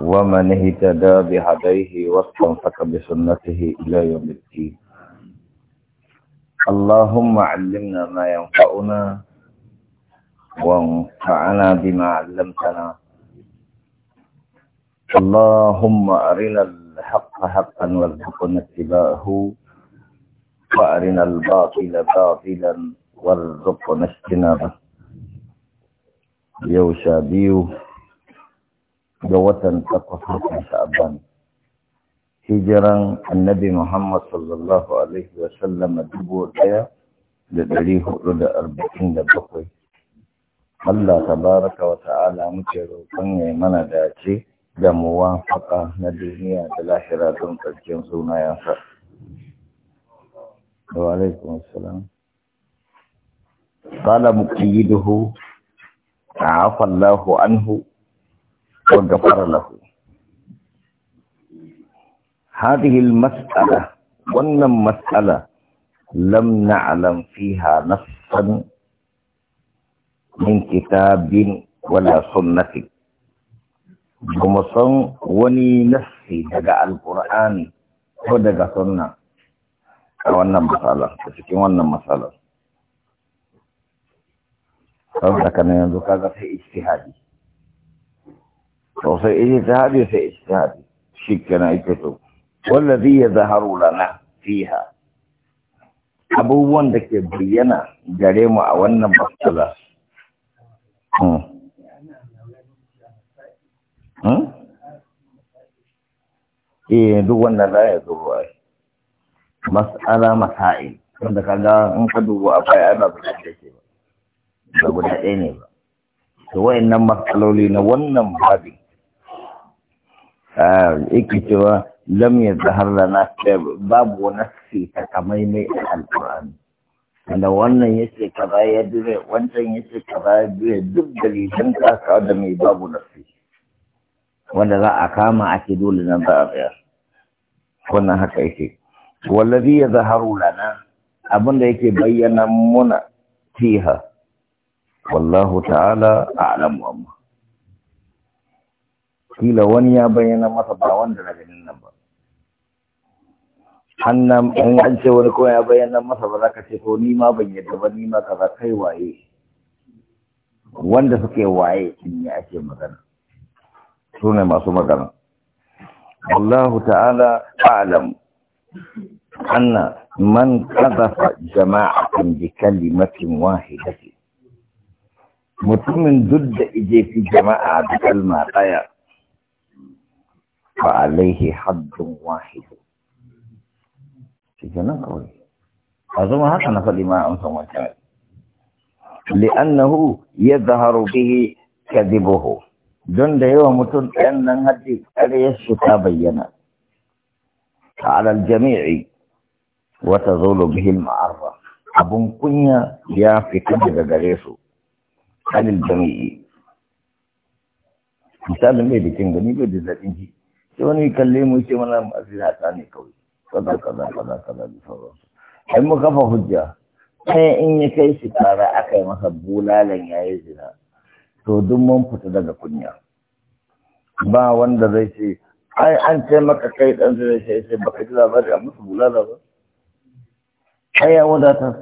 ومن اهتدى بهديه واستنفق بسنته إلى يوم الدين اللهم علمنا ما ينفعنا وانفعنا بما علمتنا اللهم أرنا الحق حقا وارزقنا اتباعه وأرنا الباطل باطلا وارزقنا اجتنابه يوشا بيو da watan takwas sha'aban hijiran annabi muhammad sallallahu alaihi wa sallam dubu daya da dari hudu da arba'in da bakwai Allah tabaraka wa ta'ala muke roƙon ya mana dace da muwafaka na duniya da lahira don ƙarshen sunayensa. Wa alaikum assalam. قال مقيده عفى الله عنه وغفر له هذه المسألة وأن مسألة لم نعلم فيها نصا من كتاب ولا سنة ومصن وني نفسي دقاء القرآن ودقاء سنة وأن مسألة وأن مسألة saboda كان yanzu كذا في ijtihadi to sai ijtihadi sai ijtihadi shi kana ita to wallazi yadhharu lana fiha abubuwan da ke bayyana gare mu a wannan matsala eh duk wannan da ya zo ba mas'ala masai wanda kaga in ka duba a baya ana ba da ke ba ba guda ɗaya ne ba to wayannan masaloli na wannan babin Ah, yake cewa lam ya zahar da na babu wani fi takamaimai a alkur'ani da wannan ya ce kaza ya dure, wancan ya ce kaza ya dure, duk dalilan kasa da mai babu nafi wanda za a kama ake dole nan za a tsaya wannan haka yake wallazi ya zaharu lana abinda yake bayyana muna fiha wallahu ta'ala a'lamu amma kila wani ya bayyana masa ba wanda na ganin nan ba hannan in an ce wani ko ya bayyana masa ba za ka ce ko ni ma ban yadda ba ni ma kaza kai waye wanda suke waye in ya ake magana su ne masu magana Allahu ta'ala alam anna man qadafa jama'atin bi kalimatin wahidatin mutumin duk da ije fi jama'a da kalma daya فعليه حد واحد شكرا قوي أظن هذا نفل ما أنتم وجعل لأنه يظهر به كذبه دون ديوه متن أن هدي عليه الشتابينا على الجميع وتظل به المعرة أبن kunya يا في daga gare su الجميع مثال ما mai bikin gani bai da sai wani kalle mu ce mana asiri ta ne kawai kaza kaza kaza kaza da sauransu ai mu kafa hujja sai in ya kai shi kara aka yi masa bulalan ya yi zina to duk mun fita daga kunya ba wanda zai ce ai an ce maka kai dan zai ce sai baka ji labari a musu bulala ba ai ya wadata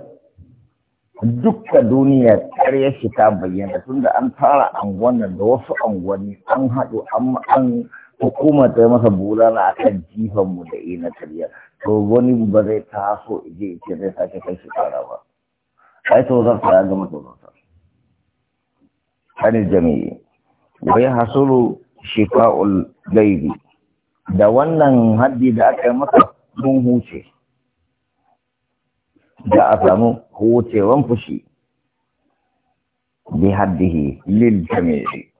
dukka duniya ƙarya shi ta bayyana tunda an fara anguwan da wasu anguwanni an haɗu an hukuma ta yi masa bulala a kan jifanmu da ina e karya to wani ba zai taso je ce zai sake kai shi kara ba ai to za ta ga masa ta jami'i wa ya hasulu shifa'ul gaibi da wannan haddi da aka yi masa mun huce da a samu hucewan fushi bi haddihi lil jami'i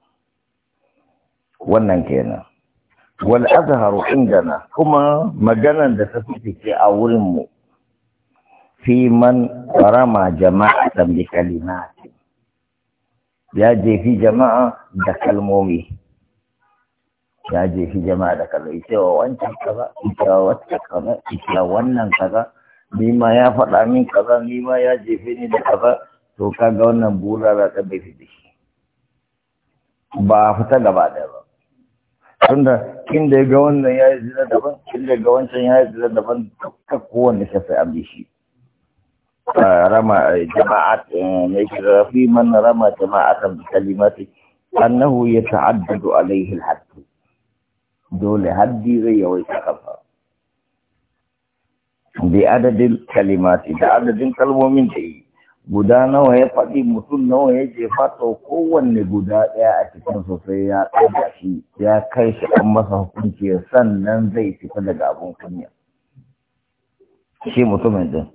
wannan kenan wal azharu indana kuma maganan da ta fice a wurin mu fi man rama jama'a bi kalimat ya jefi jama'a da kalmomi ya jefi jama'a da kalmomi wa wancan kaza ita wata kaza ita wannan kaza ni ma ya faɗa min kaza ni ma ya jefe ni da kaza to kaga wannan bulala ta bai fi ba a ba fita gaba ɗaya ba tunda kin da ga wannan ya yi zina daban kin da ga wancan ya yi zina daban dukkan kowanne shafi an bi shi rama jama'a ne shi rafi man rama jama'a kan kalimati annahu yata'addadu alaihi al-hadd dole haddi zai yawaita kafa bi adadin kalimati da adadin kalmomin da yi guda nawa ya faɗi mutum nawa ya jefa faɗo kowanne guda ɗaya a cikin sosai ya ɗaga shi ya kai shi an masa hukunci sannan zai fita daga abin kunya shi mutumin din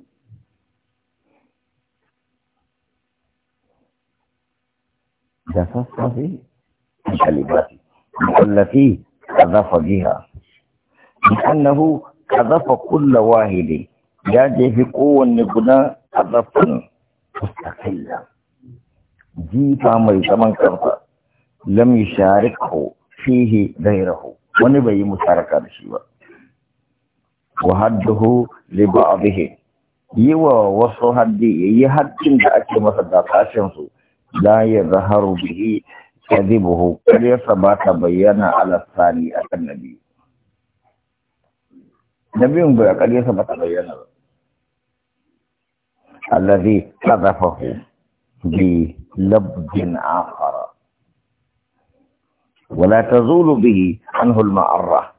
da sassafe kalibati mukallafi kazafa jiha. annahu kazafa kulla wahidi ya jefi kowanne guda a zafin. mustaqilla jifa mai zaman kansa lam yusharikhu fihi ghayruhu wani bai yi musharaka da shi ba wa hadduhu li ba'dihi yiwa wasu haddi yayi haddin da ake masa da tashin su ya zaharu bihi kadibuhu kar ya saba ta bayyana ala sani akan nabi nabiyin bai kar ya saba ta bayyana ba الذي قذفه بلبد آخر ولا تزول به عنه المعرة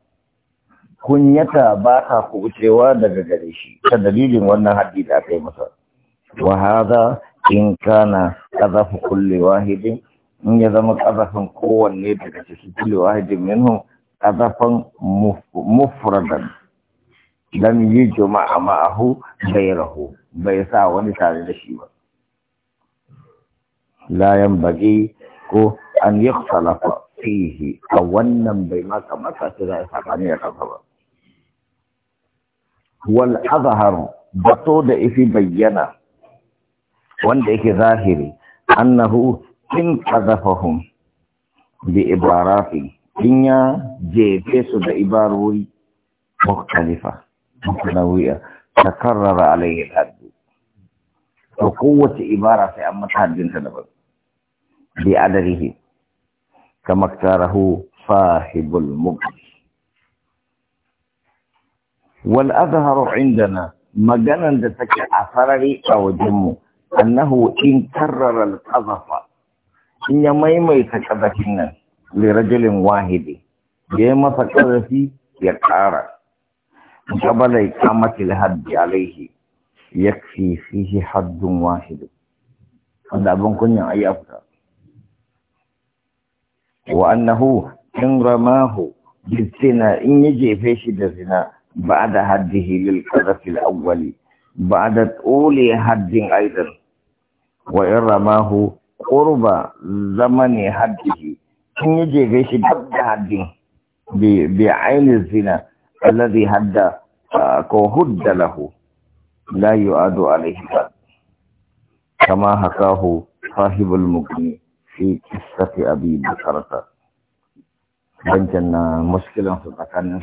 كنيتا باتا كوتشيوا دغغريشي كدليل وانا حديث اكاي مصر وهذا إن كان قذف كل واحد إن يزم قذف قوة نيتك من كل واحد منهم قذفا مفردا lam yi juma'a ma'ahu bai rahu bai sa wani tare da shi ba layan bagi ko an yi fihi a wannan bai maka kamata ta za sakani da ba wal azhar bato da ifi bayyana wanda yake zahiri annahu in qadafahum bi ibarati in ya jefe su da ibarori mukhtalifa متنوية تكرر عليه الحد وقوة عبارة أما تحد تنبغ بعدده كما اختاره صاحب المبني والأظهر عندنا مجانا تك أثرري أو جمه أنه إن كرر القذف إن يميمي تكذفنا لرجل واحد يما تكذفي يكارك قبل إقامة الحد عليه يكفي فيه حد واحد هذا بنكون أي أفضل وأنه إن رماه بالزنا إن يجي فيش الزنا بعد حده للقذف الأول بعد طول حد أيضا وإن رماه قرب زمن حده إن يجي فيش حد بعين الزنا الذي هدى آه، كهد له لا يعاد عليه بعد كما حكاه صاحب المغني في قصة أبي بكرة بجنا مشكلة تتكلم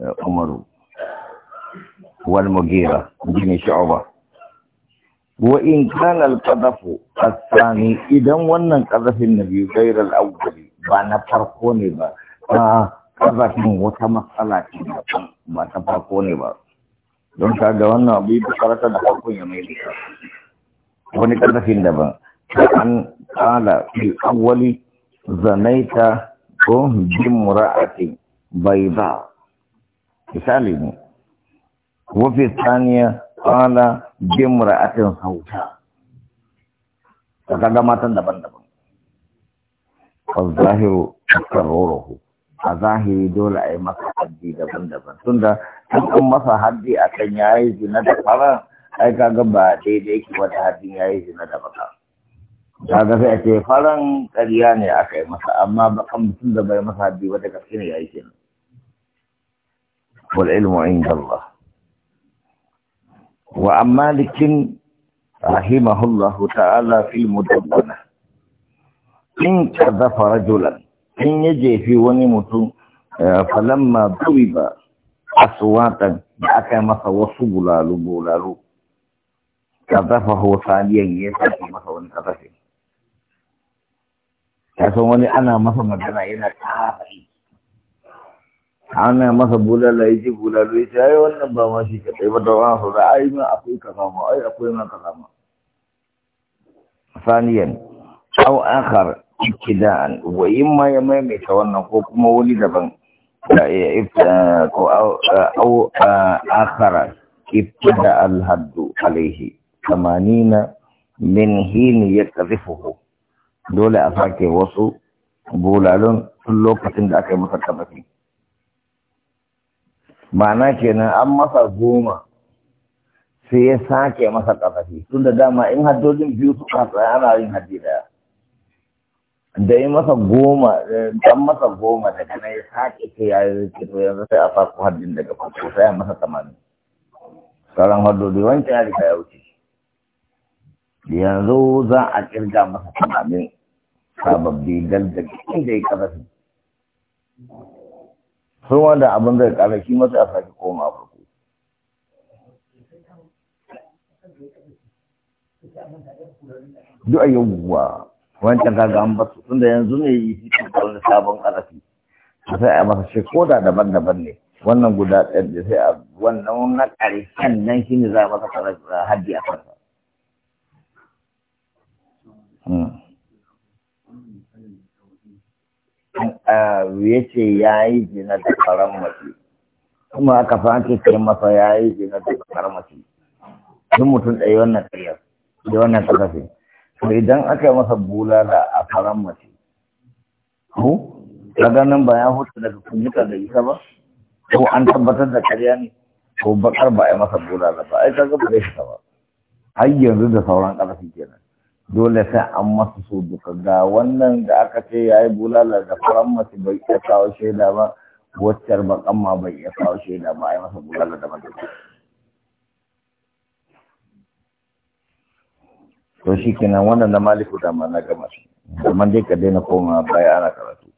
آه، عمر والمغيرة بن شعبة وإن كان القذف الثاني إذا ونن قذف النبي غير الأول بانا فرقوني با ƙazafin wata matsala ce ba ta farko ne ba don ka ga wannan abu da karata da farkon ya mai da wani ƙazafin daban an ƙala fil awwali zanaita ko bai ba misali ne wafi saniya ƙala bimra'atin sauta ka ga matan daban-daban والظاهر تكرره a zahiri dole a yi masa haddi daban-daban tunda tun an masa haddi a kan ya yi zina da fara ai kaga ba daidai ke wata haddi ya yi zina da baka ga sai a ce faran ƙarya ne aka yi masa amma bakan mutum da bai masa haddi wata gaske ya yi kenan wal ilmu inda wa amma likin rahimahullahu ta'ala fil mudabbana in kadhafa rajulan in ya jefi wani mutum eh, falamma ba a aswatan da aka masa wasu bulalu bulalu kazafa hosaniyan ya sake masa wani kazafi ta san wani ana masa magana yana kafari ana masa bulala ya ji bulalu ya ce ai wannan ba ma shi kaɗai ba da wani sauran -Ayi ai ma akwai kazama, -Ayi ai akwai ma kaza ma saniyan au akhar ibtida'an wa imma ya maimaita wannan ko kuma wani daban ko au akhara ibtida al-haddu alaihi 80 min hin yakrifuhu dole a sake wasu bulalun tun lokacin da aka yi masa kafafi ma'ana kenan an masa goma sai ya sake masa kafafi tun da dama in haddojin biyu suka tsaya ana yin haddi daya da yi masa goma dan masa goma daga nan ya sake ke ya yi kito yanzu sai a farko haddin daga farko sai a masa tamanin sauran haddodi wanke ya rika ya wuce yanzu za a kirga masa tamanin sababbi dal da inda ya karafi sun wanda abin zai kara shi masu a sake koma farko duk ayyuwa wancan kaga an basu tunda yanzu ne yi wani sabon arafi sai a masa shi koda daban-daban ne wannan guda ɗaya da sai a wannan na ƙarshen nan shi ne za a masa haddi a kansa hmm. ya ce ya yi jina da karan mace kuma aka fanke kai masa ya yi jina da karan mace duk mutum ɗaya wannan ƙaryar da wannan ƙasashe to idan aka yi masa bulala a faran mace ko daga nan ba ya huta daga kunyuka da isa ba ko an tabbatar da karya ne ko bakar ba a yi masa bulala ba ai kaga ba shi ta ba har yanzu da sauran ƙarfi kenan dole sai an masa so duka ga wannan da aka ce ya yi bulala da faran mace bai iya kawo shaida ba wacce ba ma bai iya kawo shaida ba a yi masa bulala da mace to shi kenan wannan na maliku da ma na gama shi amma dai ka daina koma baya ana karatu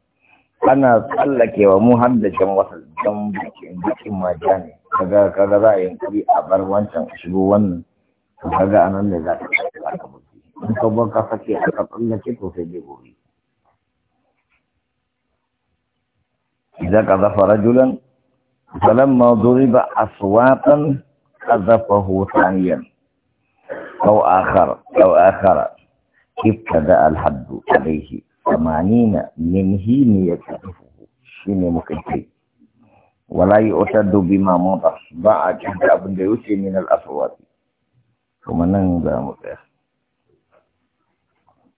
ana tsallakewa mu har da jan wasa jan bikin bikin ne kaga kaga za a yi a bar wancan shigo wannan to kaga a nan ne za ka za ka mutu in ka bar ka sake aka tsallake to sai dai gobe idan ka zafa rajulan falamma duriba aswatan qazafahu thaniyan أو آخر أو آخر ابتدأ الحد عليه ثمانين من حين يكتفه شين مكتفي ولا يؤتد بما مضى بعد أبن ديوسي من الأصوات ثم ننزل متأخر